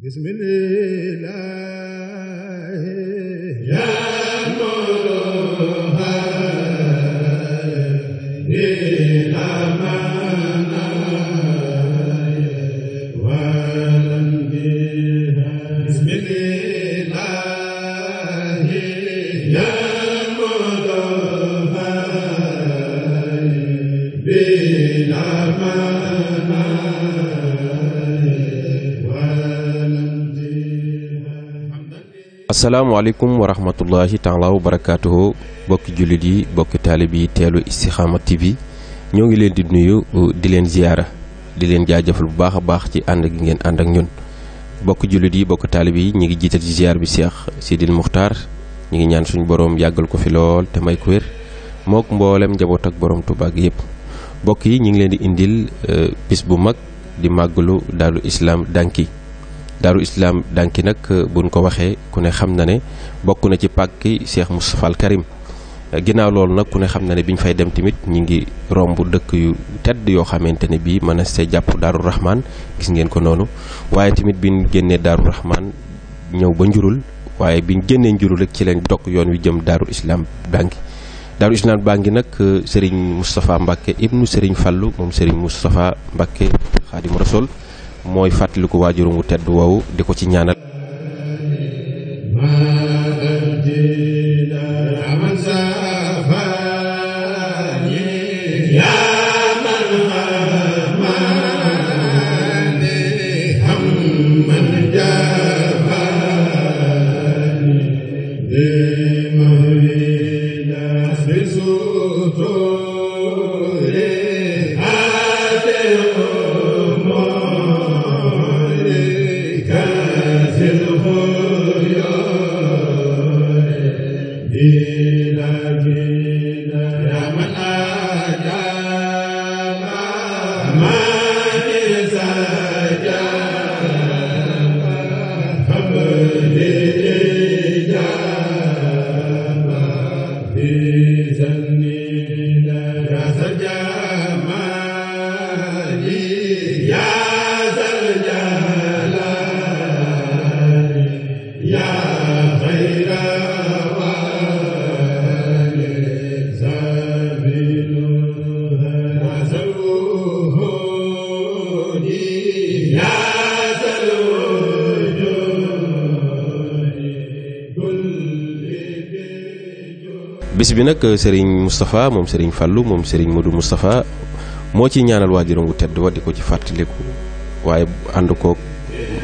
bismillah asalaamaaleykum wa rahmatullahi taala wa barakaatuhu bokki jullit yi bokki taalib yi teelu Istikhama bi ñoo ngi leen di nuyu di leen ziyaara di leen jaajëfal bu baax a baax ci ànd gi ngeen ànd ak ñun bokki jullit yi bokki taalib yi ñu ngi jiital ci ziyaar bi Cheikh Sidil Muxtaar ñu ngi ñaan suñu boroom yàggal ko fi lool te may ko wér mook mboolem njaboot ak boroom Tuubaa gi yëpp bokk yi ñu ngi leen di indil euh, bis bu mag di màggalu daalu Islaam Danki daaru islam danki nag euh, buñ ko waxee ku ne xam na ne bokk na ci pàkki Cheikh Moustapha al Karim euh, loolu nag ku ne xam na ne bi ñu fay dem tamit ñi ngi romb dëkk yu tedd yoo xamante ne bii mën na see jàpp daaru rahman gis ngeen ko noonu waaye tamit bi génnee daaru rahman ñëw ba njurul waaye biñ ñu génnee njurul rek ci lañ dog yoon wi jëm daaru islam danki daaru islam bangi nag euh, Serigne Moustapha Mbacke ibnu Serigne Fallou moom Serigne Moustapha Mbacke xaadimu rasul mooy fàttaliku waajuram wu tedd woowu di ko ci ñaanal bi nag euh, Serigne Moustapha moom Serigne Fallou moom Serigne Modou Moustapha moo ci ñaanal waajuram wu tedd wa di ko ci fàttaliku waaye ànd koog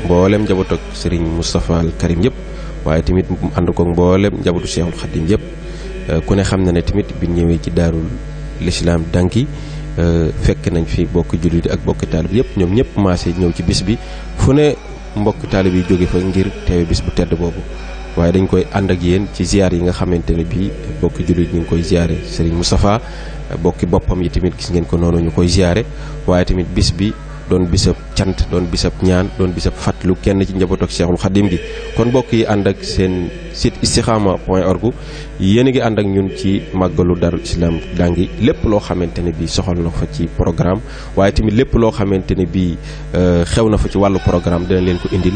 mboolem njaboot ak Serigne Moustapha al Karim waaye tamit ànd mboolem njabootu Cheikhul Khadim yëpp euh, ku ne xam na ne tamit bi ñëwee ci daarul l'islam danki euh, fekk nañ fi bokki jullit ak bokki taalib yëpp ñoom ñëpp maase ñëw ci bis bi fu ne mbokki taalib yi jóge fa ngir teewe bis bu tedd boobu waaye dañ koy ànd ak yéen ci ziar yi nga xamante ne bii bokki jullit ñu ngi koy ziare Serigne Moustapha bokki boppam yi tamit gis ngeen ko noonu ñu koy ziare waaye tamit bis bi doon bisab cant doon bisab ñaan doon bisab fàttaliku kenn ci njaboot ak Cheikhul Khadim gi kon mbokk yi ànd ak seen site istikhama point org yéen a ngi ànd ak ñun ci màggalu Darou Islam Dangi lépp loo xamante ne bii soxal na fa ci programme waaye tamit lépp loo xamante ne bii euh, xew na fa ci wàllu programme dina leen ko indil.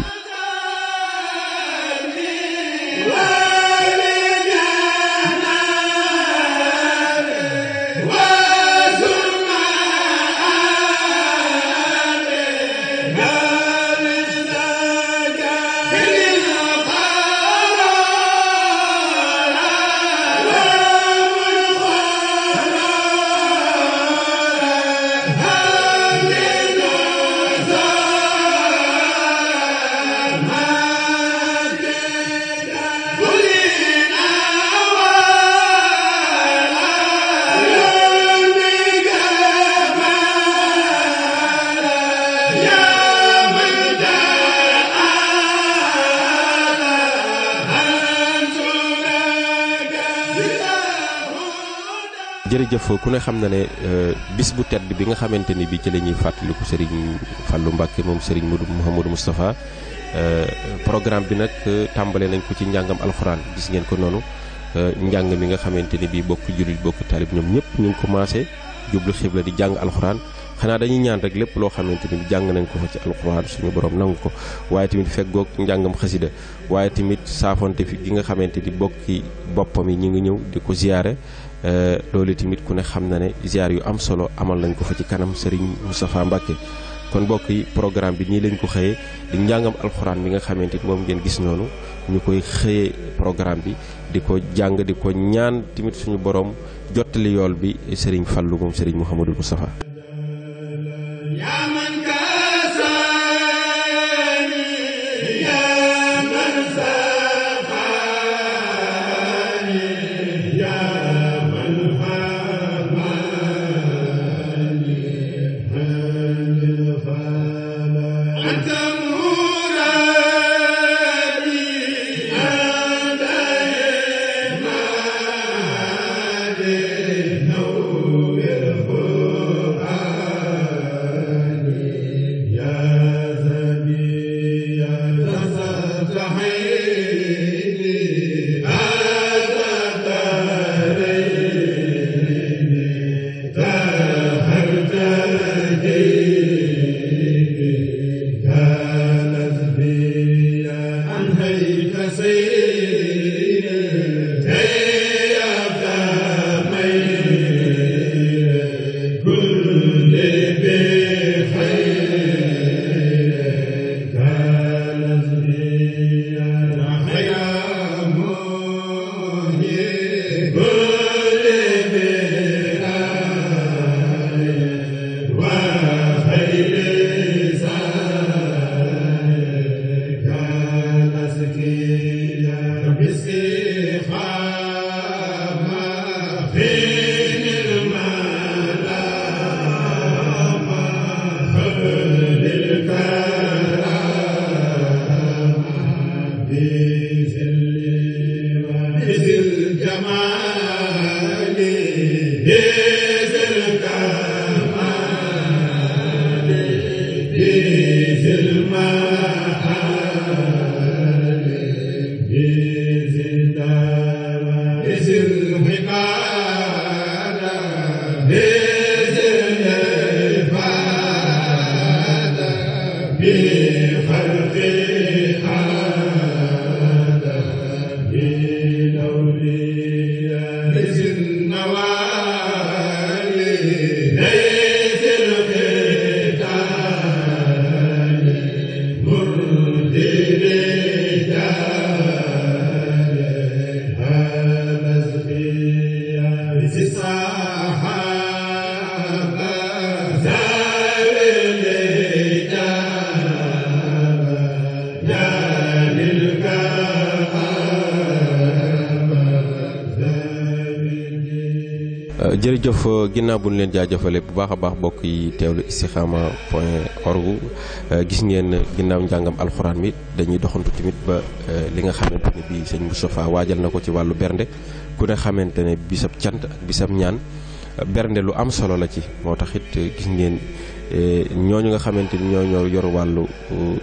fa ku ne xam na ne euh, bis bu tedd bi nga xamante ni bi ci la ñuy fàttaliku Serigne Fallou Mbacke moom Serigne Mouhamadou Moustapha euh, programme bi nag euh, tàmbale nañ ko ci njàngam alxuraan gis ngeen ko noonu njàng mi nga xamante ni bi bokk jullit bokk taalib ñoom ñëpp ñu ngi commencé jublu la di jàng alxuraan xanaa dañuy ñaan rek lépp loo xamante ni jàng nañ ko fa ci alxuraan suñu borom nangu ko waaye tamit feggoog njàngam xasida waaye tamit saafonte fi gi nga xamante ni bokki boppam yi ñu ngi ñëw di ko ziyaare Eh, loolu tamit ku ne xam na ne ziar yu am solo amal nañ ko fa ci kanam Serigne Moustapha Mbacke kon mbokk yi programme bi nii lañ ko xëyee di njàngam alxuraan bi nga xamante moom ngeen gis noonu ñu koy xëyee programme bi di ko jàng di ko ñaan tamit suñu borom jottali yool bi Serigne Fallou moom Serigne Mouhamadou Moustapha. bi xalqi jof euh, ginnaaw bu ñu leen jaajëfalee bu baax a baax bokk yi teewlu istikhama point org euh, gis ngeen ginnaaw njàngam alxuraan bi dañuy doxantu tamit ba euh, li nga xamante ne bii sëñ Moustapha waajal na ko ci wàllu bernde ku ne xamante ne bisab cant ak bisab ñaan bernde lu am solo la ci moo tax it gis ngeen ñooñu nga xamante ni ñoo yor wàllu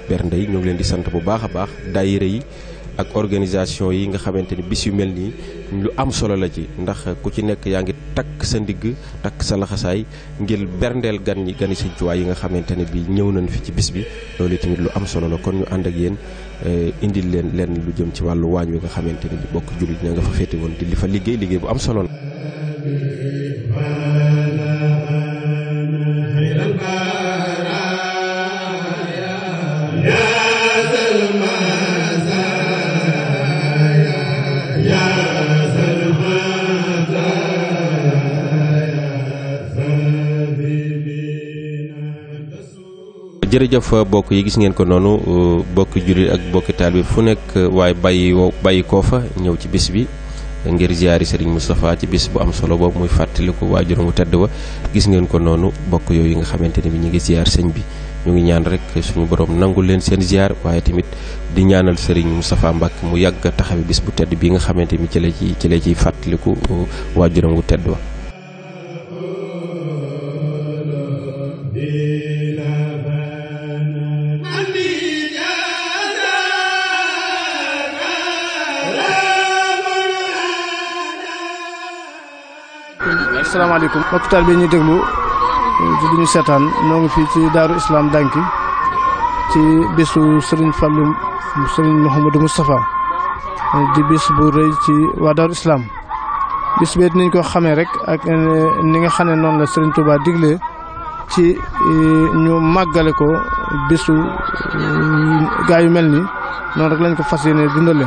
bernde yi ñu ngi leen di sant bu baax a baax daayira yi ak organisation yi nga xamante ni bis yu mel nii lu am solo la ci ndax ku ci nekk yaa ngi takk sa ndigg takk sa laxasaay ngir berndeel gan ñi gani Sëñ Tuubaa yi nga xamante ne bi ñëw nañ fi ci bis bi loolu tamit lu am solo la kon ñu ànd ak yéen eh, indil leen lenn lu jëm ci wàllu waañ wi nga xamante ne bi bokk jullit ña nga fa féete woon di li fa liggéey liggéey bu am solo la jërëjëf bokk yi gis ngeen ko noonu euh, bokki jullit ak bokki bi fu nekk euh, waaye bàyyi bàyyi koo fa ñëw ci bis bi ngir ziyaari Serigne Moustapha ci bis bu am solo boobu muy fàttaliku waajuram wu tedd wa gis ngeen ko noonu bokk yooyu nga xamante ne bi ñu ngi ziyaar sëñ bi ñu ngi ñaan rek suñu borom nangu leen seen ziyaar waaye tamit di ñaanal Serigne Moustapha Mbacke mu yàgg taxawe bis bu tedd bi nga xamante ni ci la ci ci la ciy fàttaliku euh, waajuram wu tedd wa asalaamaaleykum mbokk taal bi ñuy déglu di ñu seetaan ñoo ngi fii ci daaru islam Danki ci bisu Serigne Fallou Serigne Mouhamadou Moustapha di bis bu rëy ci waa daaru islam bis bee dinañ ko xamee rek ak eh, ni nga xam ne noonu la Serigne Touba digle ci eh, ñu màggale ko bisu eh, gaa yu mel ni noonu rek lañ ko fas yéene dundale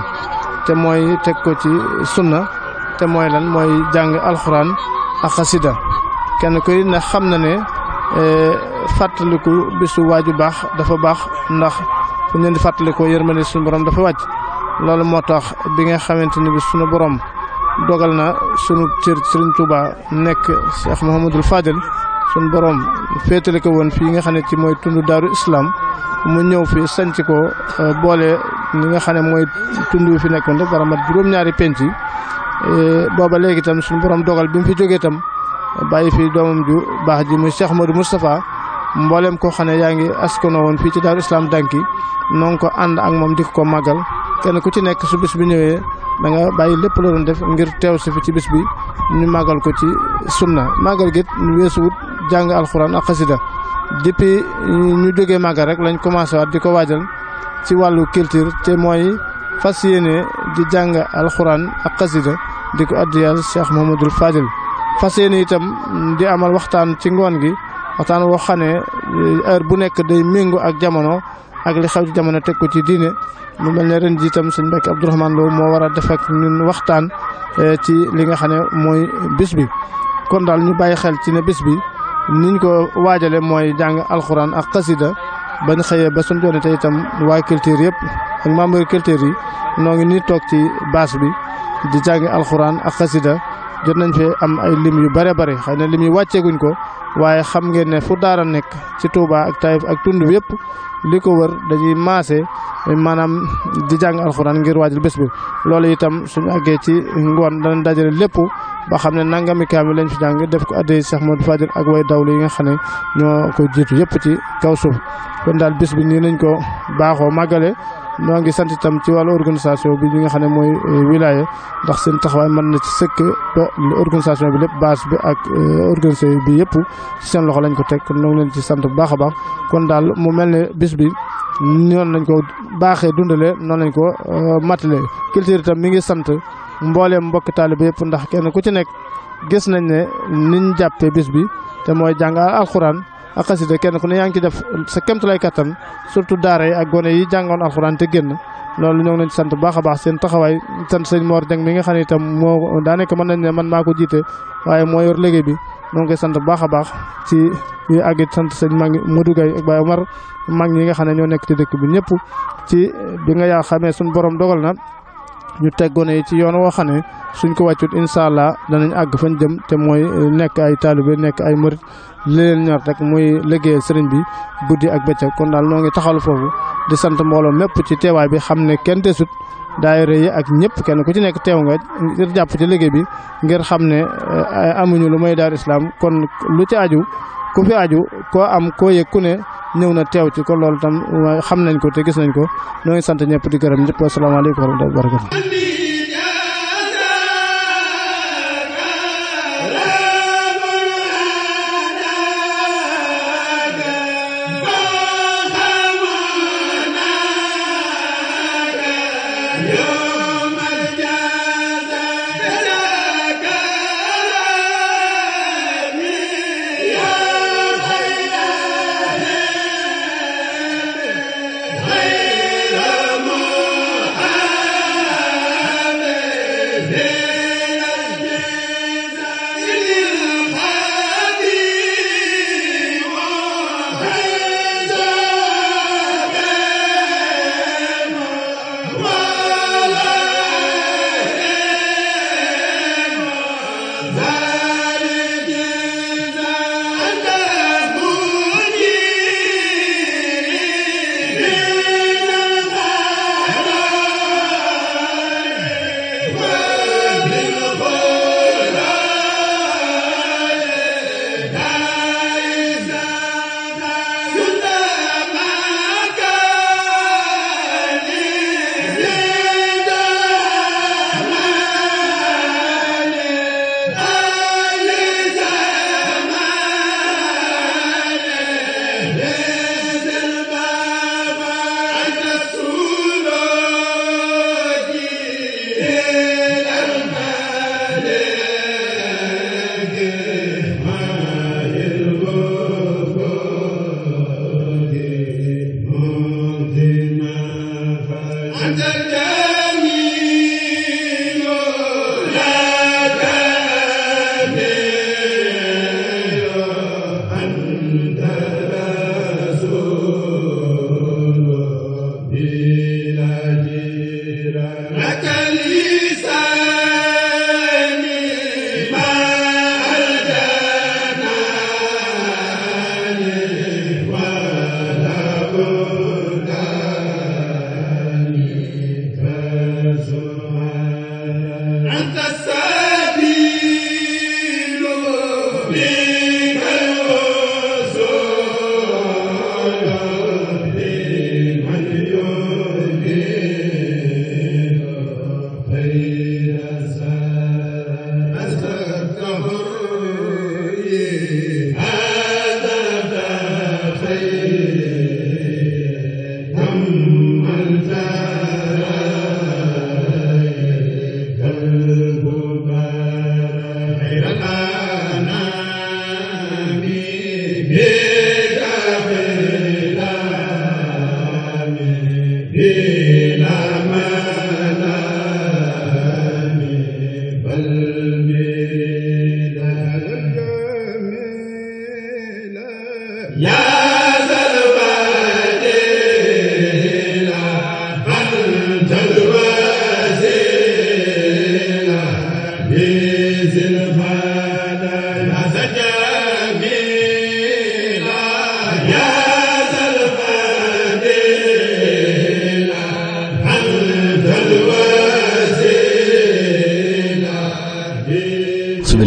te mooy teg ko ci sunna te mooy lan mooy jàng alxuraan ak kenn ko it na xam na ne e, fàttaliku bisu waaju baax dafa baax ndax bu ñu leen di fàttalikoo yërmande suñu dafa wàcc loolu moo tax bi nga xamante ni bi suñu borom dogal na sunu cër Sëriñ Tuuba nekk Cheikh Mouhamadul Fadel suñu borom féetale ko woon fii nga xam ne ci mooy tund daaru islam mu ñëw fi sanc ko e, boole li nga xam ne mooy tund fi nekkoon rek war a juróom-ñaari penc yi Eh, booba léegi itam suñu borom dogal bi mu fi jógee itam bàyyi fi doomam ju baax ji muy Cheikh Modou Moustapha mbooleem koo xam ne yaa ngi askano fii ci Daaru Islam Danki noo ngi ko ànd ak moom di ko màggal kenn ku ci nekk su bis bi ñëwee da nga bàyyi lépp loo doon def ngir teew si fi ci bis bi ñu màggal ko ci sunna màggal gi ñu weesuwut jàng alxuraan ak xasida depuis ñu jógee màggal rek lañ commencé waat di ko waajal ci wàllu culture te mooy fas yéene di jàng alxuraan ak xasida di ko addiyal Cheikh Mamadou Fadil fas ni itam di amal waxtaan ci ngoon gi waxtaan woo xam ne bu nekk day méngoo ak jamono ak li xew ci jamono teg ko ci diine mu mel ne ren ji itam sëñ Mbacke Abdourahmane Lo moo war a def ak ñun waxtaan eh, ci li nga xam ne mooy bis bi. kon daal ñu bàyyi xel ci ne bis bi niñ ko waajale mooy jàng alxuraan ak xasida bañ xëyee ba suñ joonee te itam waa culture yëpp ak membre culture yi noo ngi nii toog ci bâche bi. di jàngi alxuraan ak xasida jot nañ fee am ay lim yu bare bare xëy na lim yi wàcceeguñ ko waaye xam ngeen ne fu daara nekk ci Touba ak Taïf ak tund bi yëpp li ko wër dañuy maase maanaam di jàng alxuraan ngir waajal bés bi loolu itam suñu àggee ci ngoon danañ dajale lépp ba xam ne nangami kaamil lañ fi jàng def ko addee Cheikh Modou Fadil ak way dawlu yi nga xam ne ñoo ko jiitu yëpp ci kaw suuf kon daal bés bi nii nañ ko baaxoo màggale ñoo ngi sant itam ci wàllu organisation bi li nga xam ne mooy euh, wilaya ndax seen taxawaay mën na ci sëkk ba organisation bi lépp baas bi ak euh, organisé bi yëpp ci seen loxo lañ ko teg kon ñoo leen ci sant bu baax a baax kon daal mu mel ne bis bi noon lañ ko baaxee dundalee noon lañ ko euh, matalee culture itam mi ngi sant mbooleem mbokki taalibe yëpp ndax kenn ku ci nekk gis nañ ne niñ jàppee bis bi te mooy jàng alxuraan ak xasida kenn ku ne yaa ngi ci def sa kemtulay kattan surtout daara yi ak gone yi jàngoon alxuraan te génn loolu ñoo ngi leen sant bu baax baax seen taxawaay sant sëñ Mor mi nga xam ne tam moo daanaka mën nañ ne man maa ko jiite waaye moo yor liggéey bi ñoo ngi koy sant bu baax a baax ci yi ak sant sëñ mag Modou Gueye ak Baye Omar mag ñi nga xam ne ñoo nekk ci dëkk bi ñëpp ci bi nga yaa xamee suñu borom dogal na ñu teg gone yi ci yoon woo xam ne suñ ko wàccut incha allah danañ àgg fañ jëm te mooy nekk ay taalibe nekk ay murit li leen ñor rek muy liggéeyal sëriñ bi guddi ak bëccëg kon daal noo ngi taxalu foofu di sant mbooloo mépp ci teewaay bi xam ne kenn desut daayira yi ak ñëpp kenn ku ci nekk teew nga ngir jàpp ci liggéey bi ngir xam ne eh, amuñu lu may daar islam kon lu ci aju ku fi aju koo am koo yëg ku ne ñëw na teew ci ko loolu tam xam nañ ko te gis nañ ko ñoo ngi sant ñëpp di gërëm ñëpp asalaamaaleykum wa rahmatulah wa barakatu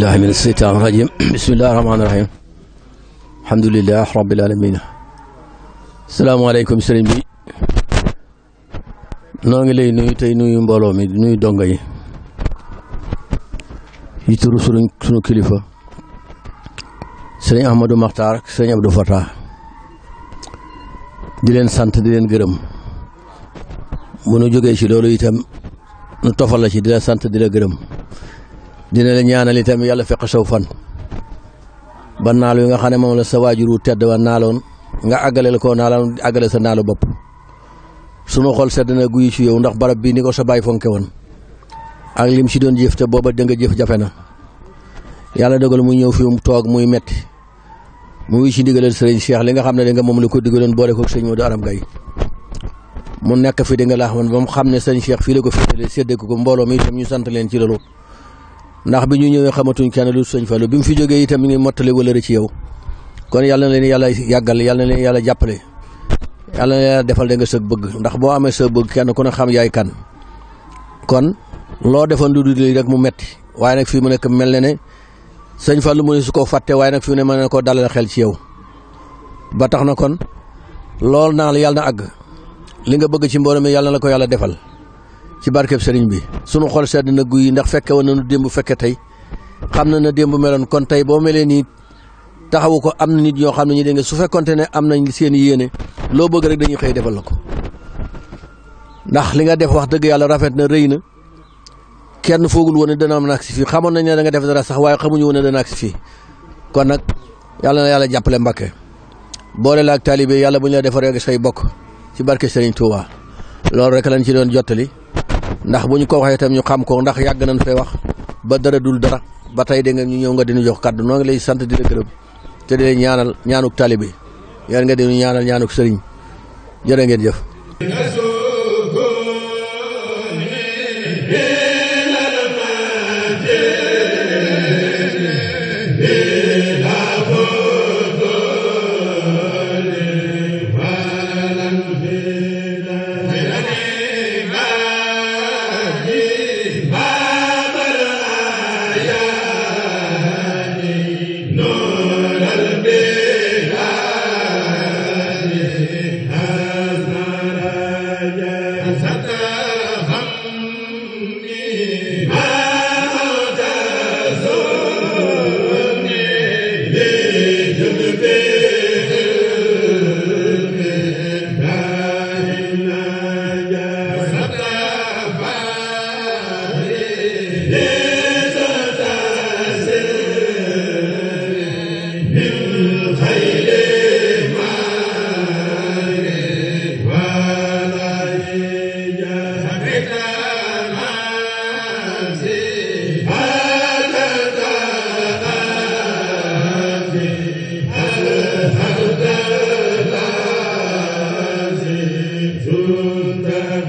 billahi min seytaan rajim bismillahi rahmaani rahim alhamdulilah rabbil alamin salaamaaleykum sëriñ bi noo ngi lay nuyu tey nuyu mbooloo mi nuyu donga yi yi turu suñu suñu kilifa sëriñ Ahmadou Makhtar ak sëriñ Abdou Fatah di leen sant di leen gërëm bu nu jógee ci loolu itam nu tofal la ci di la sant di la gërëm dina la ñaanal itam yàlla fekk saw fan ba naal wi nga xam ne moom la sa waajur wu tedd wa naaloon nga àggale la koo naaloon àggale sa naalu bopp sunu xol sedd na guy ci yow ndax barab bi ni ko sa baay fonke woon ak lim si doon jëf te booba da nga jëf jafe na yàlla dogal mu ñëw fi mu toog muy metti mu ngi si ndigalal sëriñ Cheikh li nga xam ne da moom la ko digaloon boole ko sëñ Modou Aram Gaye mu nekk fi di nga laax man ba mu xam ne sëriñ Cheikh fii ko féetale séddee ko mbooloo mi itam ñu sant leen ci loolu ndax bi ñu ñëwee xamatuñ kenn lu sëñ Fallou bi mu fi jógee itam mi ngi mottali wala ci yow kon yàlla leen yàlla yàggal yàlla na leen yàlla jàppale yàlla leen defal da nga sa bëgg ndax boo amee sa bëgg kenn ku ne xam yaay kan kon loo defoon lu dul rek mu metti waaye nag fii mu nekk mel na ne sëñ Fallou mu ne su ko fàtte waaye nag fii mu ne mën na koo dalal xel ci yow ba tax na kon loolu naa la yàlla na àgg li nga bëgg ci mbooloo mi yàlla la ko yàlla defal ci barkeb sëriñ bi sunu xol sedd na guy ndax fekke woon nañu démb fekke tey xam na na démb meloon kon tey boo melee nii taxawu ko am na nit ñoo xam ne ñu dégg su fekkonte ne am nañ seen yéene loo bëgg rek dañuy xëy defal la ko ndax li nga def wax dëgg yàlla rafet na rëy na kenn foogul woon ne dana am nag fii xamoon nañ ne da def dara sax waaye xamuñu woon ne dana ak si fii kon nag yàlla na yàlla jàppale Mbàkke boole la ak taalibe yàlla bu ñu la defaree ak say bokk ci barke Serigne Touba loolu rek lañ ci doon jottali. ndax bu ñu ko waxee itam ñu xam ko ndax yàgg nañ fee wax ba dara dul dara ba tey de nga ñu ñëw nga dina jox kàddu noo ngi lay sant di la te di la ñaanal ñaanuk taalibe yéen nga dinu ñaanal ñaanuk sëriñ jërë ngeen jëf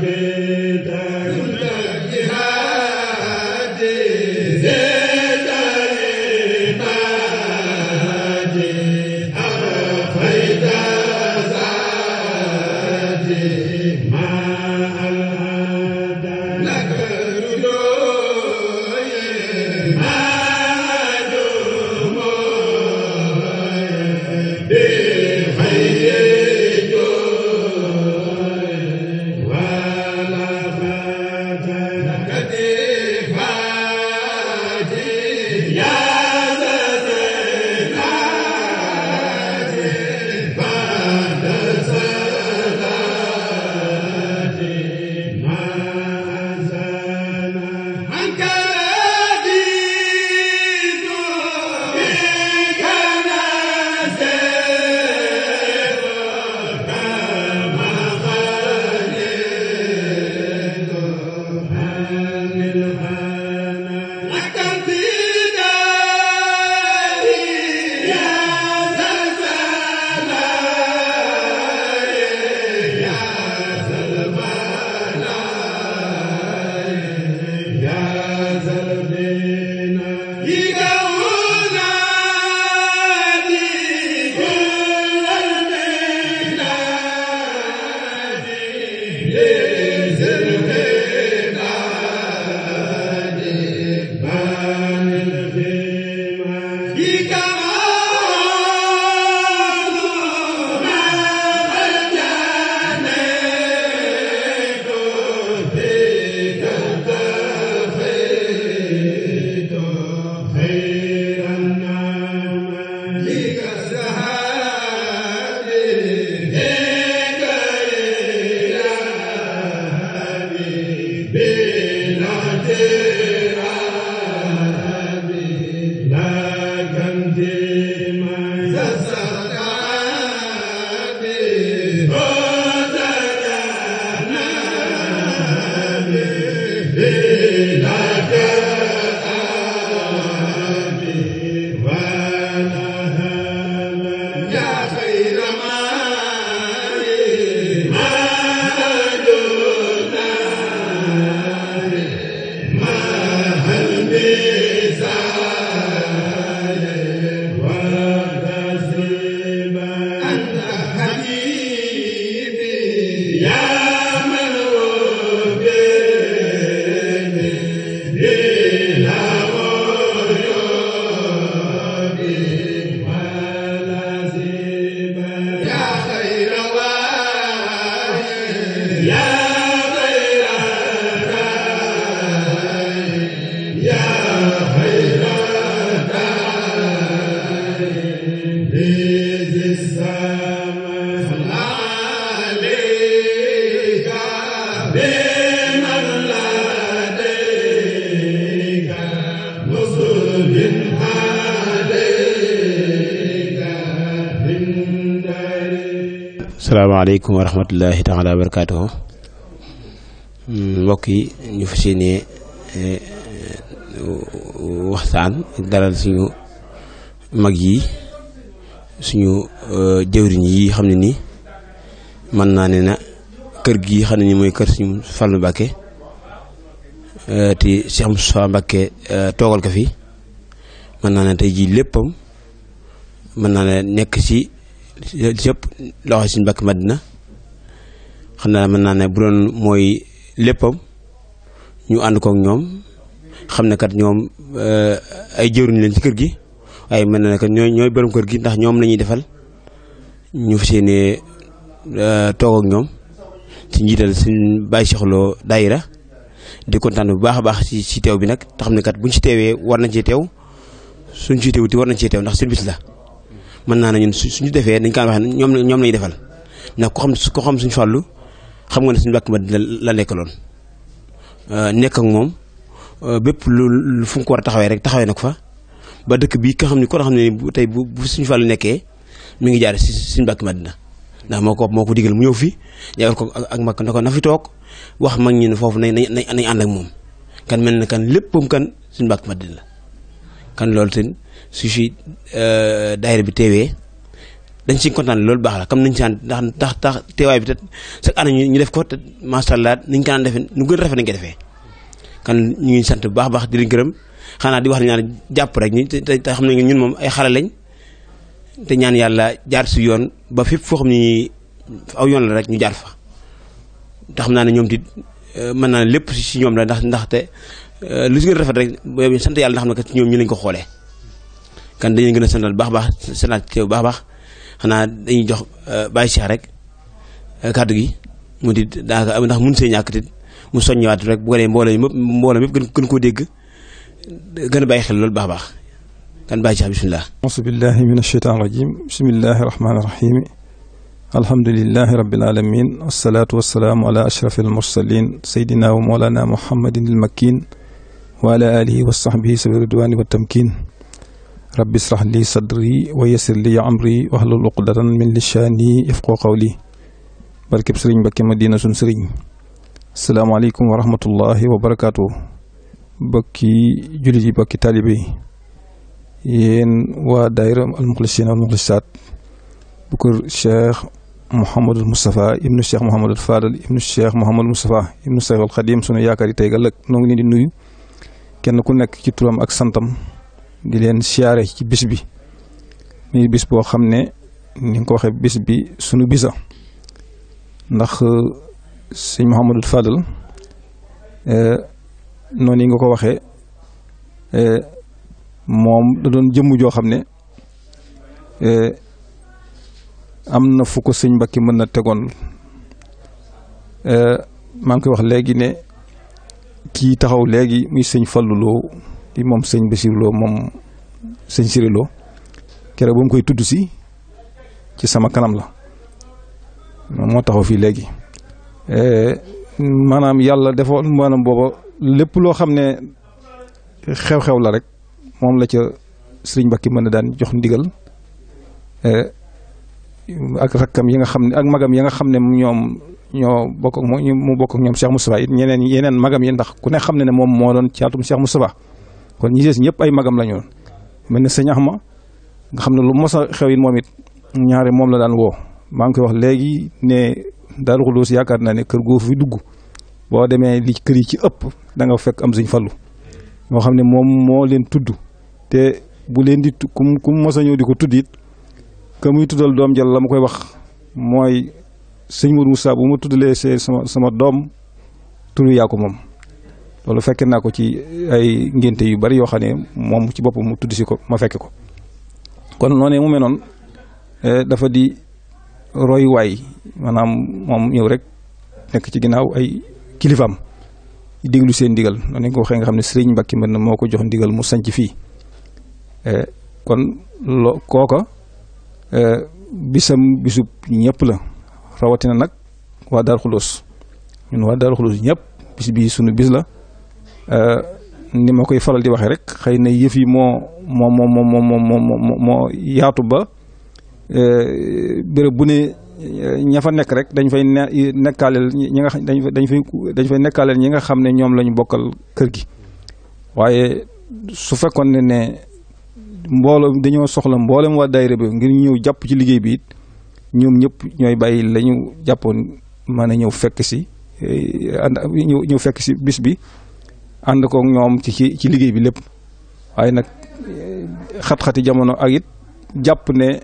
be rahmatullahi taala barakaatuhu hmm, mbokk yi ñu fas yéenee eh, waxsaan dalal suñu mag yi suñu eh, jëwriñ yi xam ne nii mën naa ne na kër gi xam ne nii mooy kër suñu Fallu Mbàkke eh, te Cheikh Moussa Mbàkke toogal ko fi mën naa ne tey jii léppam mën naa ne nekk ci lépp loxo suñu Mbàkke Madina xam naa mën naa ne bu doon mooy léppam ñu ànd kook ñoom xam ne kat ñoom euh, ay jëruñ leen kër gi waaye mën na ne ñooy ñooy kër gi ndax ñoom lañuy defal ñu fas yéene euh, toog ak ñoom ci njiital suñ bàyyi soxloo daayira di kontaan baax a baax ci bi nag te xam ne ci teewee war nañ ci teew suñ ci teewuti war nañ ci teew ndax seen la mën naa ne ñun suñu defee dañ kaan wax ñoom ñoom lañuy defal xam suñ fàllu xam nga ne suñu Mbàkke Madina la nekkaloon euh, nekk ak moom euh, bépp lu fu mu ko war a taxawee rek taxawee na ko fa ba dëkk bii nga xam ne ko xam ne bu tey bu bu suñu Fàllu nekkee mi ngi jaar si suñu Mbàkke Madina ndax moo ko moo ko digal mu ñëw fi jagal ko ak mag na ko na fi toog wax mag ñi ne foofu nañ nañ nañ ànd ak moom kan mel na kan léppam kan suñu Mbàkke Madina la kan loolu ten su si euh, daayira bi teewee dañ siy kontaan loolu baax la comme nañ saan ndax tax tax teewaay bi te chaque année ñu ñu def ko te macha allah niñ defee nu gën a rafet nañ koy kan ñu ngi sant bu baax baax di gërëm xanaa di wax ne ñaan jàpp rek ñu te te xam ne ñun moom ay xale lañ yàlla jaar su yoon ba fépp foo xam aw yoon la rek ñu jaar fa te xam naa ne ñoom it euh, mën naa lépp si ñoom la ndax ndaxte euh, lu si gën rafet rek boobu sant yàlla ndax xam ko kat ñoom ñu lañ ko xoole kan dañu gën a santal baax baax santaat teew baax baax xanaa dañuy jox euh, bàyyi Cheikh rek euh, kàddu gi mu di daanaka ndax mun see ñàkk it mu soññewaat rek bu ko dee mbooloo mi mbooloo mi gën gën koo dégg gën a bàyyi xel loolu baax baax kan bàyyi Cheikh bisimilah. auzu billahi min ashaytaan rajim bismillahi rahmaani rahim alhamdulilahi rabbil alamin wasalaatu wasalaamu ala ashraf almursalin saydina wa moolana muhammadin almakin wa ala alihi wa sahbihi sabi ridwani wa tamkin rabbi israh li sadri wa yassir li amri wahlul uqdatan min lisaani yafqahu qawli barkeb sëriñ Mbakke Madina sun sëriñ salaamaaleykum wa rahmatullahi wa barakaatu bokki jullit yi bokki taalibe yi yéen waa daayira al muxlisiin wal muxlisaat bu kër cheikh Mouhamadul Moustapha ibnu cheikh Mouhamadul Fadal ibnu cheikh Mouhamadul Moustapha ibnu cheikh al Xadim sunu yaakaar yi tey ëllëg noo ngi leen di nuyu kenn ku nekk ci turam ak santam. di leen siyaare ci bis bi muy bis boo xam ne ni nga ko waxee bis bi sunu bisa ndax euh, sëñ Mouhamadou Fadal euh, noonu yi nga ko waxee euh, moom da doon jëmm joo xam ne am na fu ko sëñ Mbacke mën na tegoon maa ngi koy wax léegi ne kii taxaw léegi muy sëñ Fallou di moom sëñ Bassirou Lo moom sëñ Cyril Lo keroog ba mu koy tudd si ci sama kanam la moo moo taxaw fii léegi eh, maanaam yàlla defoon maanaam booba lépp loo xam ne xew-xew la rek moom la ca sëriñ Bakki mën a daan jox ndigal eh, ak rakkam yi nga xam ne ak magam yi nga xam ne ñoom ñoo bokk ak mu bokk ak ñoom Cheikh Moustapha it ñeneen yeneen magam yi ndax ku ne xam ne ne moom moo doon caatum mu Moustapha kon ñi des ñëpp ay magam la ñu woon mel ni sëñ Axma nga xam ne lu mos a xew it moom it ñaare moom la daan woo maa ngi koy wax léegi ne Daaru si yaakaar naa ne kër goo fi dugg boo demee li kër yi ci ëpp danga fekk am sëñ Fallu moo xam ne moom moo leen tudd te bu leen di kum kum mos a ñëw di ko tudd it ka muy tuddal doom jël la ma koy wax mooy sëñ Mourou Moussa bu ma tuddalee see sama sama doom turu yaa ko moom. loolu fekke naa ko ci ay ngénte yu bari yoo xam ne moom ci boppam mu tudd si ko ma fekke ko kon noonee mu menoon eh, dafa di roy waay maanaam moom ñëw rek nekk ci ginnaaw ay kilifaam diglu seen ndigal noonu ko waxee nga ne sëriñ mbakki mën na moo ko jox ndigal mu sanc fii eh, kon lo kooka eh, bisam bisub ñëpp la rawatina nag waa Darou Khoudoss ñun waa Darou Khoudoss ñëpp bis bii sunu bis la ni ma koy faral di waxee rek xëy na yëf yi moo moo moo moo moo moo yaatu ba euh, béréb bu ne euh, ña fa nekk rek dañ fay ne nekkaaleel ñi nga xam nekkaaleel ñi nga xam ne ñoom lañu bokkal kër gi waaye su fekkoon ne ne mbooloo dañoo soxla mboolem waa daayira bi ngir ñëw jàpp ci liggéey bi it ñoom ñëpp ñooy bàyyi lañu jàppoon mën a ñëw fekk si euh, ànd ñëw fekk si bis bi ànd kook ñoom ci ci ci liggéey bi lépp waaye nag eh, xat-xati jamono ak it jàpp ne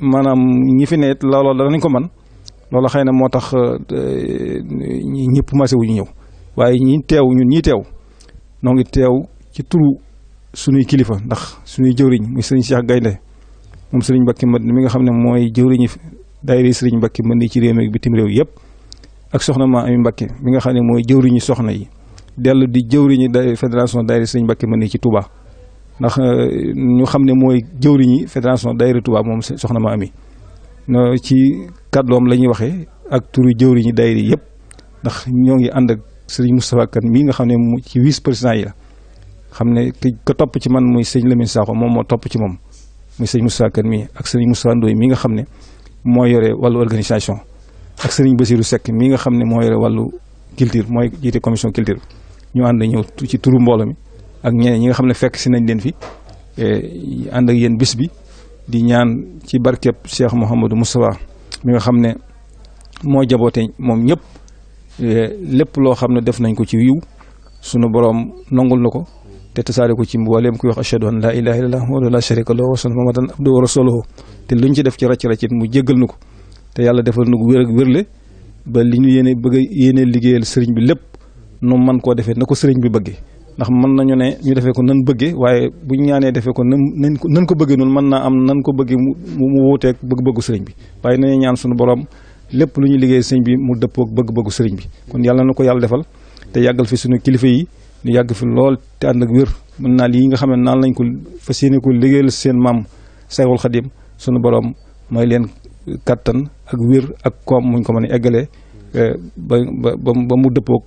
maanaam ñi fi ne looloo danañ ko man loolu xëy na moo tax eh, ñëpp mase wu ñu ñëw waaye ñii teew ñun ñii teew noo ngi teew ci turu suñuy kilifa ndax suñuy jëwriñ muy sëriñ Cheikh Gaynde moom sëriñ Mbacke Madina mi nga xam ne mooy jëwriñu daayira sëriñ Mbacke Madina ci réew mi ak bitim réew yëpp ak soxna ma Ami mi nga xam ne mooy jëwriñu soxna yi dellu di jëwriñu da fédération daayira sëñ Mbàkke mën nii ci Touba ndax euh, ñu xam ne mooy jëwriñi fédération daayira Touba moom soxna ma ami ci kàddoom la ñuy waxee ak turu jëwriñi daayira yëpp ndax ñoo ngi ànd ak sëriñ Moustapha Kane mii nga xam ne mu ci vice président yi la xam ne ko topp ci man muy sëñ Lamine Sakho moom moo topp ci moom muy sëñ Moustapha Kane ak sëriñ Moustapha Ndoye mii nga xam ne moo yore wàllu organisation ak sëriñ Basirou sekk mii nga xam ne moo yore wàllu culture mooy jiite commission culture ñu ànd ñëw ci turu mbooloo mi ak ñeneen ñi nga xam ne fekk si nañ leen fi eh, ànd ak yéen bis bi di ñaan ci barkeb Cheikh Mouhamadou Moustapha mi nga xam ne moo jaboote moom ñëpp eh, lépp loo xam ne def nañ ko ci yiw sunu boroom nongul na ko te tasaare ko ci mbooleem kuy wax ashhadu an laa ilaaha illallaah wahdahu laa sharika lahu wa sallallahu muhammadan abduhu wa rasuluhu te luñ ci def ci racc racc mu jéggal nu ko te yàlla defal nu ko wér ak wérle ba li ñu yéene bëgg a liggéeyal sëriñ bi lépp nu mën koo defee na ko sëriñ bi bëggee ndax mën nañu ne ñu defee ko nan bëggee waaye bu ñu ñaanee defee ko nan ko nan ko bëggee noonu mën naa am nan ko bëggee mu mu wuuteeg bëgg-bëggu sëriñ bi waaye nañu ñaan suñu borom lépp lu ñu liggéey sëñ bi mu dëppook bëgg-bëggu sëriñ bi kon yàlla na ko yàlla defal te yàggal fi suñu kilifa yi ñu yàgg fi lool te ànd ak wér mën naa lii nga xam ne naan lañ ko fa yéene ko liggéeyal seen maam Seexul Xadim suñu borom mooy leen kattan ak wér ak koom muñ ko mën a eggalee eh, ba ba mu dëppoog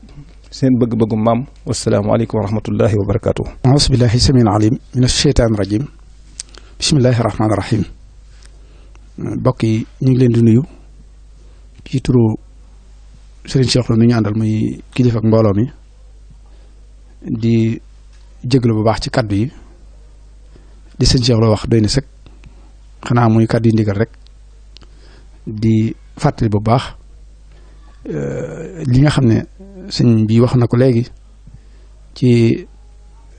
seen bëgg-bëggu maam wasalaamualeykum wa rahmatullahi wa barakaatu. aasbillahi samin alim min asheytaan rajim bismillahi rahmaani rahim mbokk yi ñu ngi leen di nuyu ci turu Serigne Cheikh mi ñu àndal muy kilifa ak mbooloo mi di jéglu bu baax ci kaddu yi di Serigne Cheikh loo wax doy na sëkk xanaa muy kaddu yi ndigal rek di fàttali bu baax euh, li nga xam ne. sëñ bi wax na ko léegi ci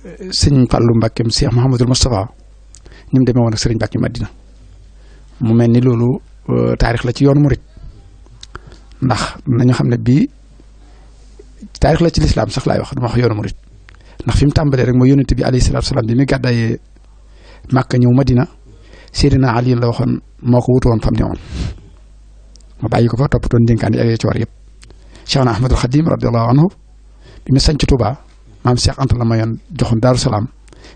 eh, sëñ Fallou Mbakkeem Cheikh Mouhamadul Moustapha ni mu demee woon ak sëriñ Mbàkke Madina mu mel ni loolu eh, taarix la ci yoonu murit ndax nañu xam ne bii taarix la ci lislaam sax laay wax dama wax yoonu murit ndax fi mu tàmbalee rek mooy yónnent bi alayhi salaatu salaam bi muy gàddaayee Màkka ñëw Madina Seydina Ali la waxoon moo ko wutu woon fam ne woon ma bàyyi ko fa toppatoon ndénkaan coor yëpp Cheikhna Ahmadul Xadim radiallahu anhu bi mu sanc Touba maam Cheikh Anta la ma yoon joxoon Daaru Salaam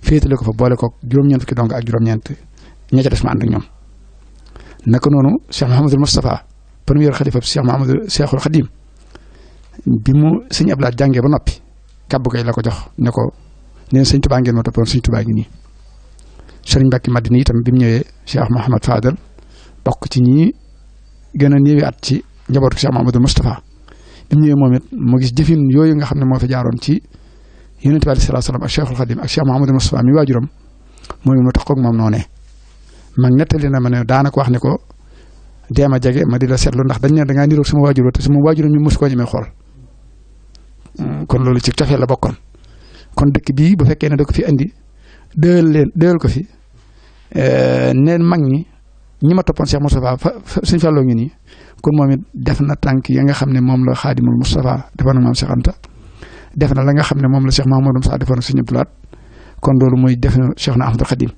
féetale ko fa boole ko juróom-ñeent fukki dong ak juróom-ñeent ña ca des ma ànd ñoom. naka noonu Cheikh Mouhamadul Moustapha premier xalifa Cheikh Mouhamadul Cheikhul Xadim bi mu sëñ Abdoulaye jàngee ba noppi kàbb gay la ko jox ne ko neen sëñ Touba ngeen ma toppoon sëñ Touba ngi nii. Sëriñ Mbàkke Madina itam mu ñëwee Cheikh ci ñi at ci njabootu Cheikh Mouhamadul Moustapha bi ñëwee moom it mu gis jëfin yooyu nga xam ne moo fi jaaroon ci yonent bi aleyhi salaatu salaam ak Cheikhul Xadim ak Cheikh Mouhamadou Moustapha mi waajuram mooy mu tax koog moom noonu mag nettali na ma ne daanaka wax ne ko jéem a jege ma di la seetlu ndax dañ ne da ngaa niroog sama waajur te sama waajuram ñu mos koo ñemee xool kon loolu ci cofee la bokkoon kon dëkk bii bu fekkee ne da ko fi andi déel leen déel ko fi eh, neen mag ñi ñi ma toppoon Cheikh Moustapha fa suñ fàlloo ngi nii kon moom it def na ya nga xam ne moom la xaadimul Moustapha defoon maam Cheikh Anta la nga xam ne moom la Cheikh Mahamadou Moussa defoon ak Sëñ Abdou Lahad kon loolu mooy def na Cheikh na Ahmadou Khadim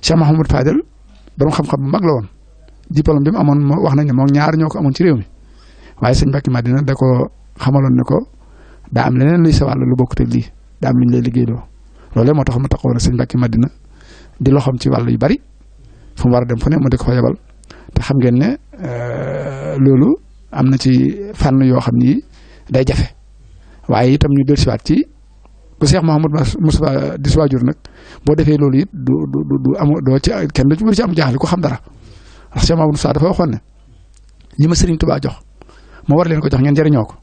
Cheikh Mahamadou Fadel borom xam-xam bu mag la woon diplôme bi mu amoon wax nañ ne moom ñaar ñoo ko amoon ci réew mi waaye sëñ Mbacke Madina da ko xamaloon ne ko daa am leneen luy sawal lu bokk te lii daa am lu ñu lay liggéeyloo loolee moo tax mu taxawoon na sëñ Mbacke Madina di loxoom ci wàll yu bari fu mu war a dem fu ne mu di ko fa yebal te xam ngeen ne euh, loolu am na ci fànn yoo xam ni day jafe waaye itam ñu dellusiwaat ci bu Cheikh Mouhamad Moustapha di waajur nag boo defee loolu it du du du amoo doo ci kenn du ci am jaaxle ku xam dara ndax Cheikh Mouhamad Moustapha dafa waxoon ne li ma Serigne Touba jox ma war leen ko jox ngeen jëriñoo ko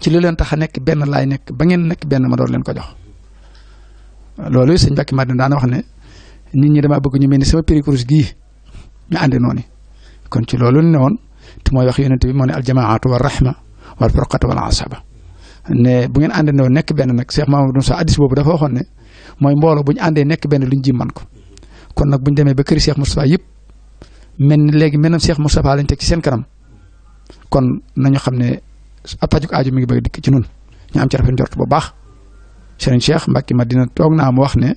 ci li leen tax a nekk benn laay nekk ba ngeen nekk benn ma door leen ko jox. loolu sëñ Mbacke Madina daana wax ne nit ñi dama bëgg ñu mel ni sama péricurus gii ñu àndi noonu kon ci loolu ne woon mooy wax yonent bi moo ne aljamaatu wa rahma wal furqatu wal asaba ne bu ngeen àndandoo nekk benn nag Cheikh Mamadou Moussa addis boobu dafa waxoon ne mooy mbooloo bu ñu àndee nekk benn lu ñu ji man ko kon nag bu ñu demee ba këri Cheikh Moustapha yëpp mel ni léegi seex Cheikh Moustapha lañ teg ci seen kanam kon nañu xam ne ab pajuk aaju mi ngi ba dikk ci nun ñu am ci rafet njort bu baax Serigne Cheikh Mbacke Madina toog naa am wax ne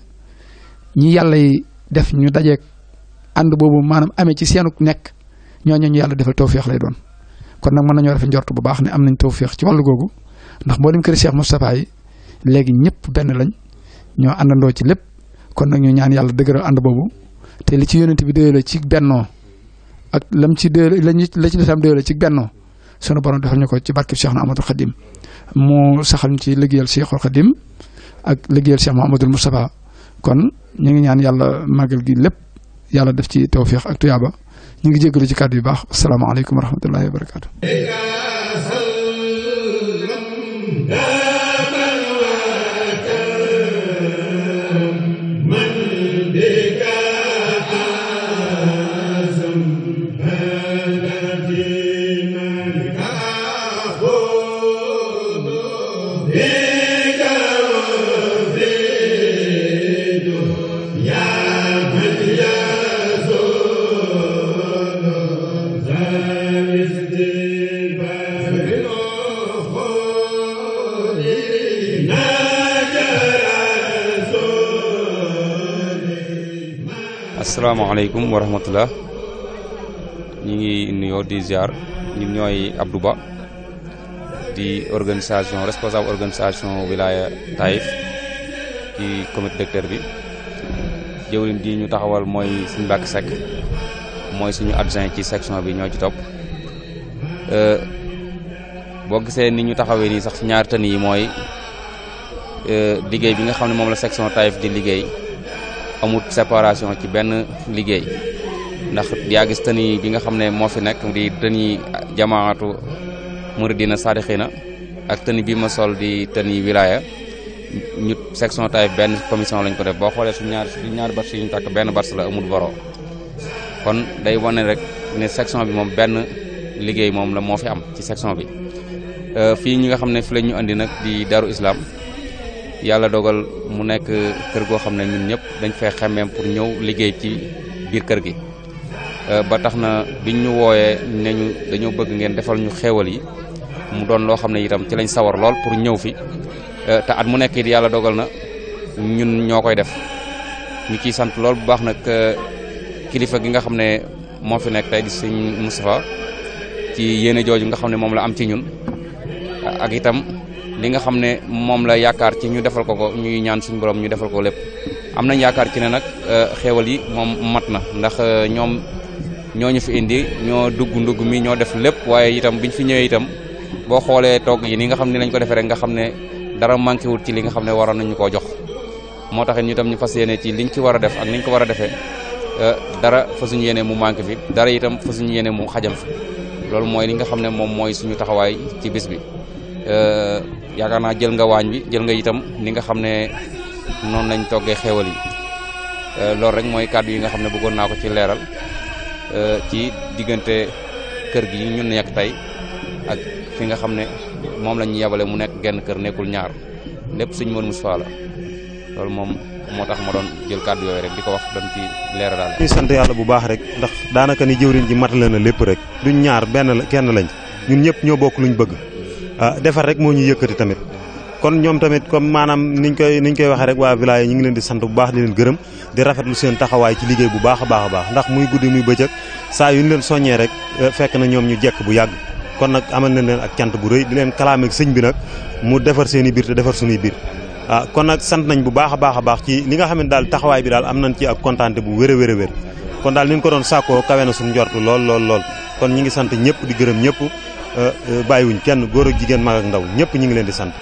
ñi yàlla def ñu dajeeg ànd boobu maanaam amee ci seenu nekk ñoo ñooñu ñu yàlla defal tawféex lay doon kon nag mën nañoo rafet njort bu baax ne am nañ tawféex ci wàllu googu ndax moo mboolem kër Cheikh Moustapha yi léegi ñëpp benn lañ ñoo àndandoo ci lépp kon nag ñu ñaan yàlla dëgëral ànd boobu te li ci yónent bi doyale ci bennoo ak lam ci doyale lañu la ci lislaam doyale ci bennoo sunu borom defal ñu ci barkeb Cheikh na Amadou Khadim mu saxal ci liggéeyal Cheikhul Khadim ak liggéeyal Cheikh Mouhamadou Moustapha kon ñu ngi ñaan yàlla màggal gi lépp yàlla def ci tawféex ak tuyaaba ñu ngi jégalu ci kàddu yu baax asalaamaaleykum wa rahmatullahi wa asalaamaaleykum wa rahmatullah ñi ngi nuyoo di ziar ñun ñooy Abdou di organisation responsable organisation wilaya Taïf ci comité directeur bi jëwriñ ji ñu taxawal mooy suñu Mbàkke Seck mooy suñu adjoint ci section bi ñoo ci topp euh, boo gisee ni ñu taxawee nii sax ñaar tën yi mooy euh, liggéey bi nga xam ne moom la section Taïf di liggéey amut séparation ci benn liggéey ndax yaa gis tani bi nga xam ne moo fi nekk di tani jamaatu muridina sadixina ak tani bii ma sol di tani wilaya ñu section tay benn commission lañ ko def boo xoolee suñ ñaar suñ ñaari bars yu ñu takk benn bars la amul boro kon day wane rek ne section bi moom benn liggéey moom la moo fi am ci section bi euh, fii ñi nga xam ne fi la ñu andi nag di daru islam yàlla dogal mu nekk kër goo xam ne ñun ñëpp dañ fay xemmeem pour ñëw liggéey ci biir kër gi euh, ba tax na biñ ñu wooyee ne ñu dañoo bëgg ngeen defal ñu xewal yi mu doon loo xam ne itam ci lañ sawar lool pour ñëw fi euh, te at mu nekk it yàlla dogal na ñun ñoo koy def ñu ciy sant lool bu baax nag euh, kilifa gi nga xam ne moo fi nekk tey di sëñ ci yéene jooju nga xam ne moom la am ci ñun ak itam li nga xam ne moom la yaakaar ci ñu defal ko ko ñuy ñaan suñu borom ñu defal ko lépp am nañ yaakaar ci ne nag euh, xéewal yi moom mat na ndax euh, ñoom ñoo ñu fi indi ñoo dugg ndugg mi ñoo def lépp waaye itam biñ fi ñëwee itam boo xoolee togg yi ni nga xam ne lañ ko defee rek nga xam ne dara manqué wut ci li nga xam ne waroon nañu koo jox moo tax ñu itam ñu fas yéene ci ñu ci war a def ak niñ ko war a defee euh, dara fasuñu yéene mu manqué fi dara itam fasuñu yéene mu xajam fi loolu mooy li nga xam ne moom mooy suñu taxawaay ci bis bi Euh, yaakaar naa jël nga waañ bi jël nga itam ni nga xam ne noonu lañ toggee xéewal yi euh, loolu rek mooy kàddu yi nga xam ne bëggoon naa ko ci leeral euh, ci diggante kër gi ñun nekk tey ak fi nga xam ne moom lañ yebale mu nekk genn kër nekkul ñaar lépp suñ mën Moustapha la loolu moom moo tax ma doon jël kàddu yooyu rek di ko wax doon ci leeral daal. ñuy sant yàlla bu baax rek ndax daanaka ni jëwriñ ji matale na lépp rek duñ ñaar benn la kenn lañ ñun ñëpp ñoo bokk luñ bëgg. Ah, defar rek moo ñu yëkkati tamit kon ñoom tamit comme maanaam niñ koy niñ koy waxee rek waa village yi ñu ngi leen di sant bu baax di leen gërëm di rafetlu seen taxawaay ci liggéey bu baax a baax baax ndax muy guddi muy bëccëg saa yu ñu leen soññee rek eh, fekk na ñoom ñu jekk bu yàgg kon nag amal na leen ak cant bu rëy di leen kalaameek sëñ bi nag mu defar seen biir te defar suñuy biir ah kon nag sant nañ bu baax a baax a baax ci li nga xam ne daal taxawaay bi daal am nañ ci ak kontaante bu wér a wér a wér kon daal ko doon sàkkoo kawe na suñu njortu lool lool lool kon ñi ngi sant ñëpp di gërëm ñëpp bàyyiwuñ kenn góor ak jigéen mag ndaw ñëpp ñu ngi leen di sant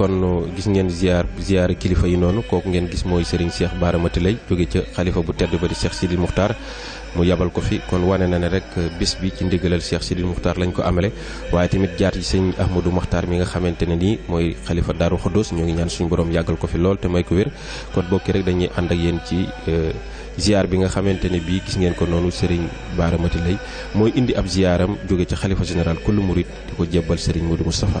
kon gis ngeen ziar ziar kilifa yi noonu kooku ngeen gis mooy Serigne Cheikh Bara Matilay jóge ca xalifa bu tedd ba di Cheikh Sidil Muxtaar mu yabal ko fi wane na ne rek bés bi ci ndigalal Cheikh Sidil Muxtaar lañ ko amale waaye tamit jaar ci sëñ Ahmadou Muxtaar mi nga xamante ne nii mooy xalifa Daaru Xuddoos ñoo ngi ñaan suñu borom yàggal ko fi lool te may ko wér kon bokki dañuy ànd ak yéen ci euh, ziar bi nga xamante ne bii gis ngeen ko noonu Serigne Bara Matilay mooy indi ab ziaram jóge ca xalifa général kullu murit di ko jébbal Serigne Modou Moustapha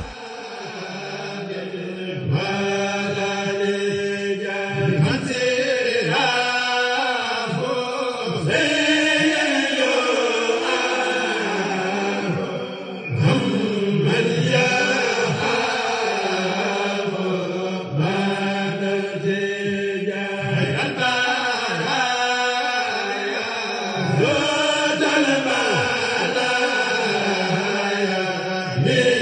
Amen.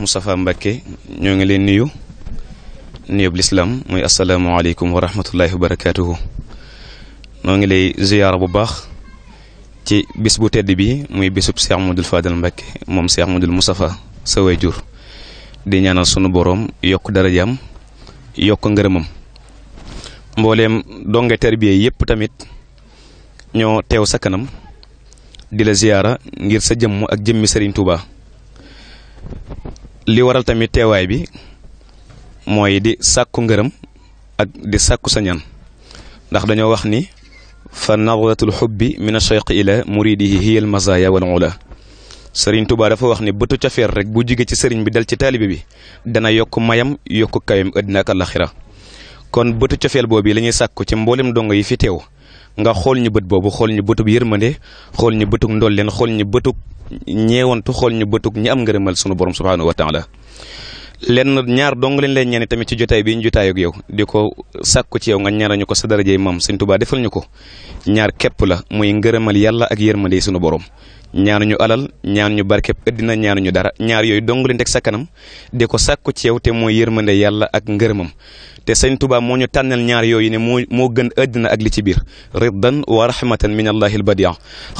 Cheikh Moustapha ñoo ngi leen nuyu nuyub lislaam muy asalaamualeykum wa rahmatullahi wa barakaatuhu noo ngi lay ziyaara bu baax ci bis bu tedd bi muy bisub Cheikh Modou Fadal Mbacké moom Cheikh Modou Moustapha sa waajur di ñaanal sunu boroom yokk darajaam yokk ngërëmam mbooleem donge terbiye yépp tamit ñoo teew sa kanam di la ziyaara ngir sa jëmm ak jëmmi Serigne Touba li waral tamit teewaay bi mooy di sàkku ngërëm ak di sàkku sa ñaan ndax dañoo wax ni fa nadratul xubbi min ashayq ila muridihi hiya al mazaya wal ula sëriñ Tuubaa dafa wax ni bëtu cafeer rek bu jige ci sëriñ bi dal ci taalibe bi dana yokk mayam yokk kayam àddina ak àllaxira kon bëtu cofeel boobu yi lañuy sàkku ci mboolem dongo yi fi teew nga xool ñu bët boobu xool ñu bëtub yërmande xool ñu bëtug ndolleen xool ñu bëtug ñeewantu xool ñu bëtuk ñi am ngërëmal sunu borom subhaanahu wa la lenn ñaar dong leen leen ñaani tamit ci jotaay bi ñu jotaay ak yow di ko ko ci yow nga ñu ko sa darajey maam Sëñ Tuubaa defal ñu ko ñaar képp la muy ngërëmal yàlla ak yërmande sunu borom ñaanuñu alal ñaanuñu barkeb ëddina ñaanuñu dara ñaar yooyu dong leen teg sa kanam di ko sàkku ci yow te mooy yërmande yàlla ak ngërëmam te sëñ Tuubaa moo ñu tànnal ñaar yooyu ne moo moo gën ëddina ak li ci biir riddan wa rahmatan min allahi albadia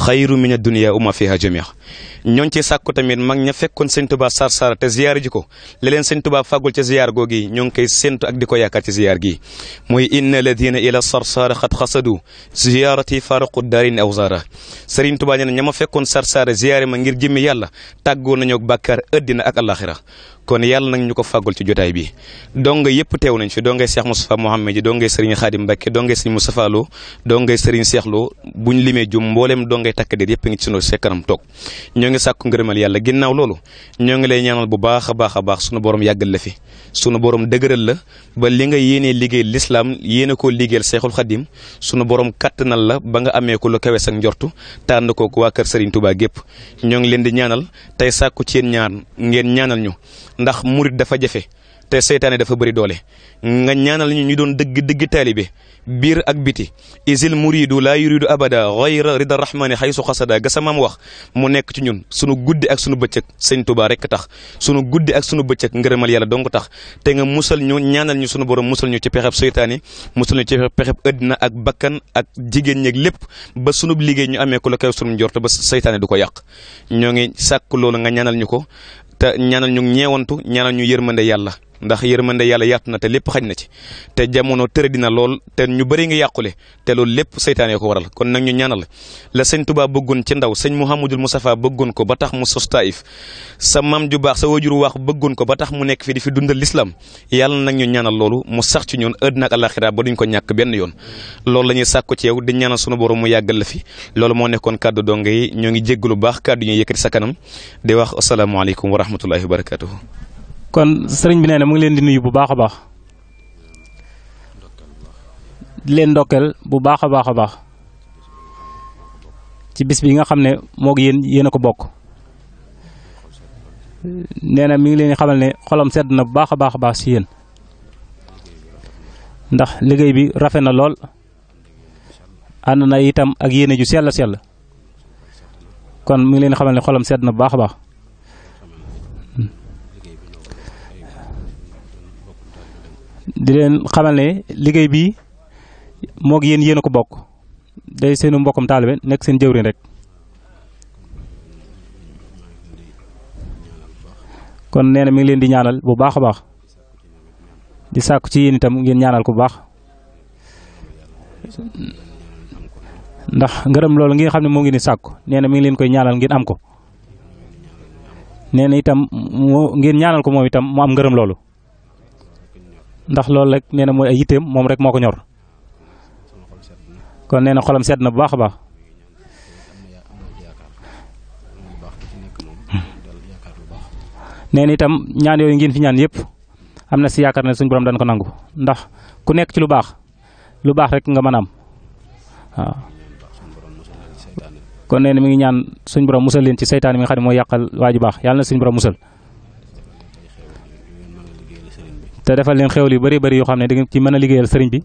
xayru min addunia uma fiha jamia ñooñ ci sàkku tamit mag ña fekkoon sëñ Tuubaa sar sar te ziyaar ji ko la leen sëñ Tuubaa fàggul ci ziyaar googi ñoo ngi koy séntu ak di ko yaakaar ci ziyaar gi mooy inna ladina ila sarsara xat xasadu ziyaarati faraqu darin awzara sëriñ Tuubaa nee na ña ma fekkoon sarsaara ziyaare ma ngir jëmmi yàlla tàggoo nañu ak bàkkaar ëddina ak alaxira kon yàlla nag ñu ko fàggul ci jotaay bi donga yëpp teew nañ fi dongay Cheikh Moustapha Mohamed ji dongay Serigne Khadim Mbacké dongay Serigne Moustapha Lo dongay Serigne Cheikh bu ñu limee jum mbooleem dongay takk déer yëpp ngi ci sunu sekkanam toog ñoo ngi sàkku ngërëmal yàlla ginnaaw loolu ñoo ngi lay ñaanal bu baax a baax baax sunu borom yàggal la fi sunu borom dëgëral la ba li nga yéenee liggéey lislaam yéene koo liggéeyal Cheikhul Khadim sunu borom kattanal la ba nga amee ko lu kawe sa njortu tànn kooku waa kër Serigne Touba gépp ñoo ngi leen di ñaanal tey sàkku ci yéen ñaan ngeen ñaanal ñu ndax murit dafa jafe te seytaane dafa bëri doole nga ñaanal ñu ñu doon dëgg dëgg taalibe biir ak biti isil muridu laa yuridu abada xayra rida rahmani xaysu xasada ga samaam wax mu nekk ci ñun sunu guddi ak sunu bëccëg sëñ Tuubaa rekk tax sunu guddi ak sunu bëccëg ngërëmal yàlla dong tax te nga musal ñu ñaanal ñu sunu borom musal ñu ci pexeb seytaane musal na ci pexeb ëddina ak bakkan ak jigéen ñeeg lépp ba sunu liggéey ñu amee ko la kaw sunu njort ba seytaane du ko yàq ñoo ngi sàkk loolu nga ñaanal ñu ko te ñaanal ñu ñeewantu ñaanal ñu yërmande yàlla ndax yërmande yàlla yaatu na te lépp xaj na ci te jamono tëre dina lool te ñu bëri ngi yàqule te loolu lépp seytaane ko waral kon nag ñu ñaanal la sëñ Tuubaa bëggoon ci ndaw sëñ Muhammadul Mustafa bëggoon ko ba tax mu sos Taif sa maam ju baax sa wajur waax bëggoon ko ba tax mu nekk fii di fi dundal lislaam yàlla nag ñu ñaanal loolu mu sax ci ñoon àddina ak àllaaxira ba duñ ko ñàkk benn yoon loolu la ñuy sàkku ci yow di borom mu yàggal la fi loolu moo nekkoon kàddu donge ñoo ngi jégg lu baax kàddu ñuy yëkkati sa kanam di wax asalaamaaleykum wa rahmatullahi wa barakatuhu kon sëriñ bi nee mu ngi leen di nuyu bu baax a baax di leen ndokkeel bu baax a baax a baax ci bis bi nga xam ne moog yéen yéen a ko bokk nee na mi ngi leen xamal ne xolam sedd na bu baax a baax a baax si yéen ndax liggéey bi rafet na lool ànd na itam ak yéene ju sell sell kon mi ngi leen xamal ne xolam sedd na baax a baax. di leen xamal ne liggéey bi moog yéen yéen a ko bokk day seenu mbokkum taalibe nekk seen jëwriñ rek. kon nee na mi ngi leen di ñaanal bu baax a baax di sàkku ci yéen itam ngeen ñaanal ko bu baax ndax ngërëm loolu ngi xam ne moo ngi ni sàkku nee na mi ngi leen koy ñaanal ngeen am ko nee na itam moo ngeen ñaanal ko moom itam mu am ngërëm loolu. ndax loolu rek nee na mooy ay yitteem moom rek moo ko ñor kon nee na xolam sedd na bu baax a baax. nee na itam ñaan yooyu ngeen fi ñaan yëpp am na si yaakaar ne suñu borom dañ ko nangu ndax ku nekk ci lu baax lu baax rek nga mën am waaw. kon nee na mi ngi ñaan suñu borom musal leen ci seytaan mi nga xam ne mooy yàqal waa ju baax yàlla na suñu borom musal. te defal leen xéwal yu bari bëri yoo xam ne da ngeen ci mën a liggéeyal sëriñ bi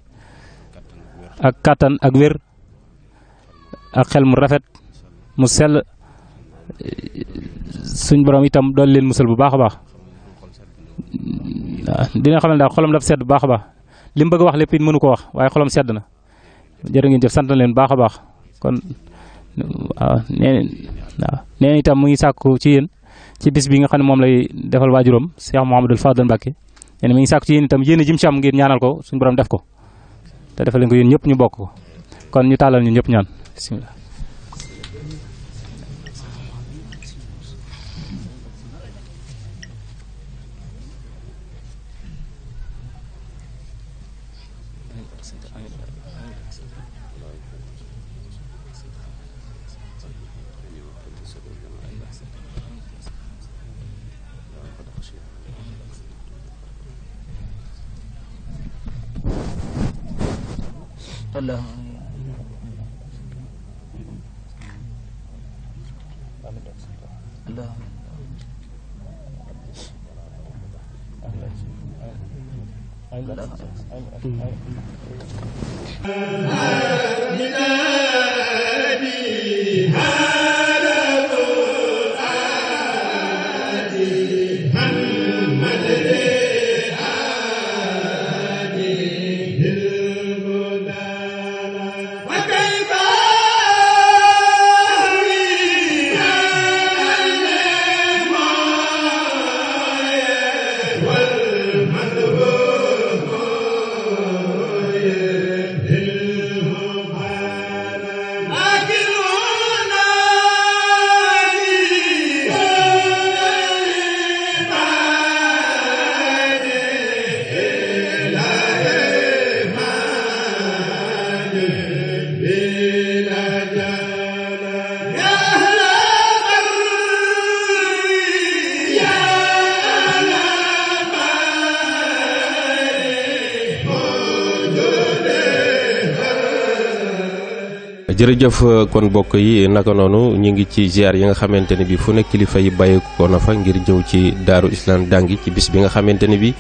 ak kàttan ak wér ak xel mu rafet mu sell suñ borom itam dool leen musal bu baax a baax dina xam ne daal xolam dafa sedd bu baax a baax li mu bëgg wax lépp it mënu ko wax waaye xolom sedd na jërë ngeen jëf sant na leen baax a baax kon waaw nee itam mu ngi sàkku ci yéen ci bis bi nga xam ne moom lay defal waajuram Cheikh Mouhamadul Fadal Mbacke nee mi ngi sàkku ci yéen itam yéen a jëm ci am ngir ñaanal ko suñu borom def ko te defal leen ko yéen ñëpp ñu bokk ko kon ñu tàllal ñu ñëpp ñaan bisimilah wallaahu a'lam Allahumma jërëjëf kon mbokk yi naka noonu ñu ngi ci ziar yi nga xamante ne bi fu ne kilifa yi bàyyikoo na fa ngir jëw ci daaru islam dangi ci bis bi nga xamante ne bi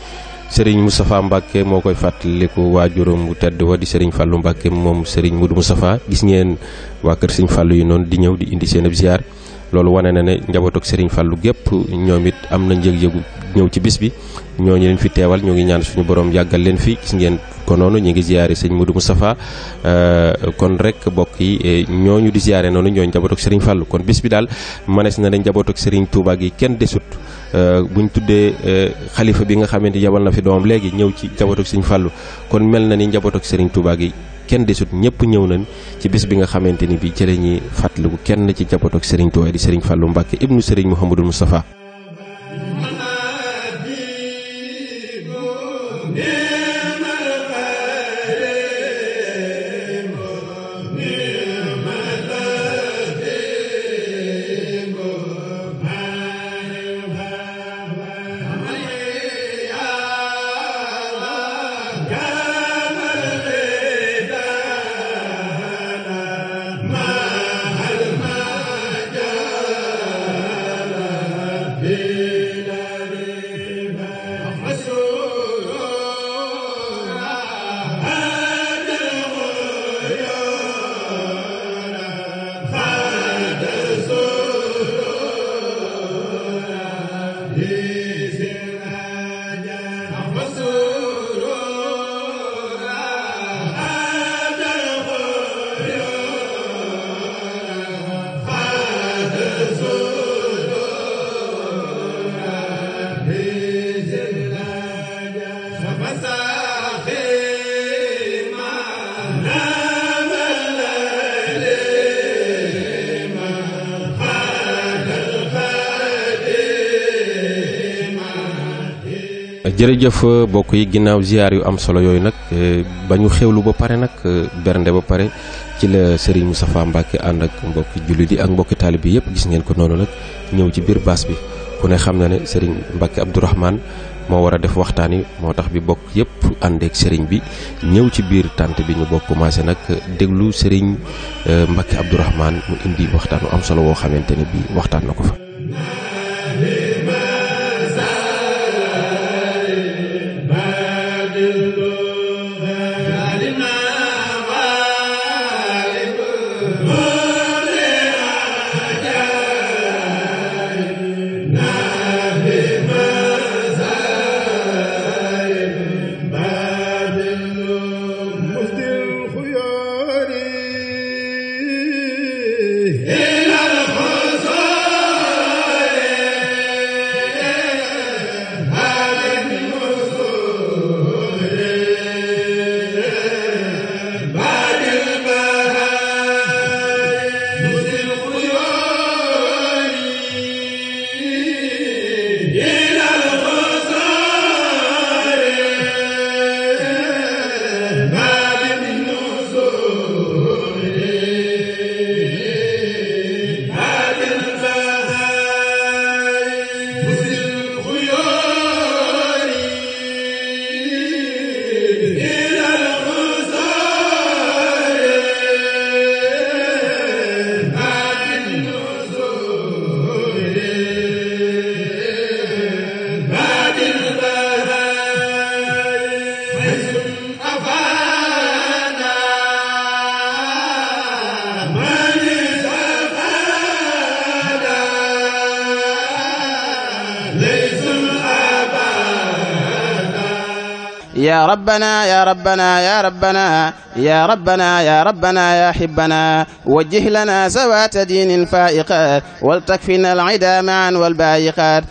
sëriñ Moustapha Mbacke moo koy fàttaliku waajuram bu tedd wa di sëriñ Fallou Mbacke moom sëriñ Moudou Moustapha gis ngeen waa kër sëriñ Fallou yi noonu di ñëw di indi seen ab ziar loolu wane na ne njaboot ak sëriñ Fallou gépp ñoom it am na njëg-yëgu ñëw ci bis bi ñooñu leen fi teewal ñoo ngi ñaan suñu borom yàggal leen fi gis ngeen ko noonu ñu ngi ziyaare sëñ Modou Moustapha euh, kon rek bokk yi euh, ñoo ñu di ziyaare noonu ñooñu njabootuk sëriñ Fallou kon bis bi daal manees na ne njabootuk sëriñ Touba gi kenn desut euh, buñ tuddee xalifa bi nga xamante yabal na fi doom léegi ñëw ci njabootuk sëriñ Fallou kon mel na ni njabootuk sëriñ Touba gi kenn desut ñëpp ñëw nañ ci bis bi nga xamante ni bi ci ñi ñuy fàttaliku kenn ci njabootuk sëriñ Touba di sëriñ Fallou Mbacke ibnu sëriñ Mouhamadou Moustapha jërëjëf mbokk euh, yi ginnaaw ziar yu am solo yooyu nag euh, ba ñu xewlu ba pare nag euh, bernde ba pare ci la Serigne Moustapha Mbacke ànd ak mbokki jullit yi ak mbokki taalib bi yëpp gis ngeen ko noonu nag ñëw ci biir baas bi ku ne xam na ne Serigne Mbacke Abdourahmane moo war a def waxtaan yi moo tax bi bokk yëpp àndeek Serigne bi ñëw ci biir tànt bi ñu bokk commencé nag déglu Serigne Mbacke Abdourahmane mu indi waxtaanu am solo woo xamante ne bi waxtaan na ko fa ربنا يا ربنا يا ربنا يا ربنا يا ربنا يا حبنا وجه لنا سوات دين فائقات ولتكفنا العدا معا والبايقات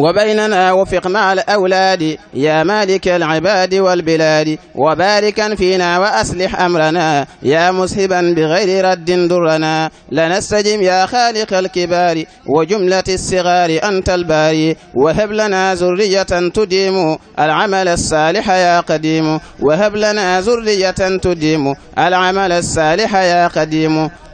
وبيننا وفق مع الأولاد يا مالك العباد والبلاد وباركا فينا وأصلح أمرنا يا مسهبا بغير رد درنا لنستجم يا خالق الكبار وجملة الصغار أنت الباري وهب لنا ذرية تديم العمل الصالح يا قديم وهب لنا ذرية تديم العمل الصالح يا قديم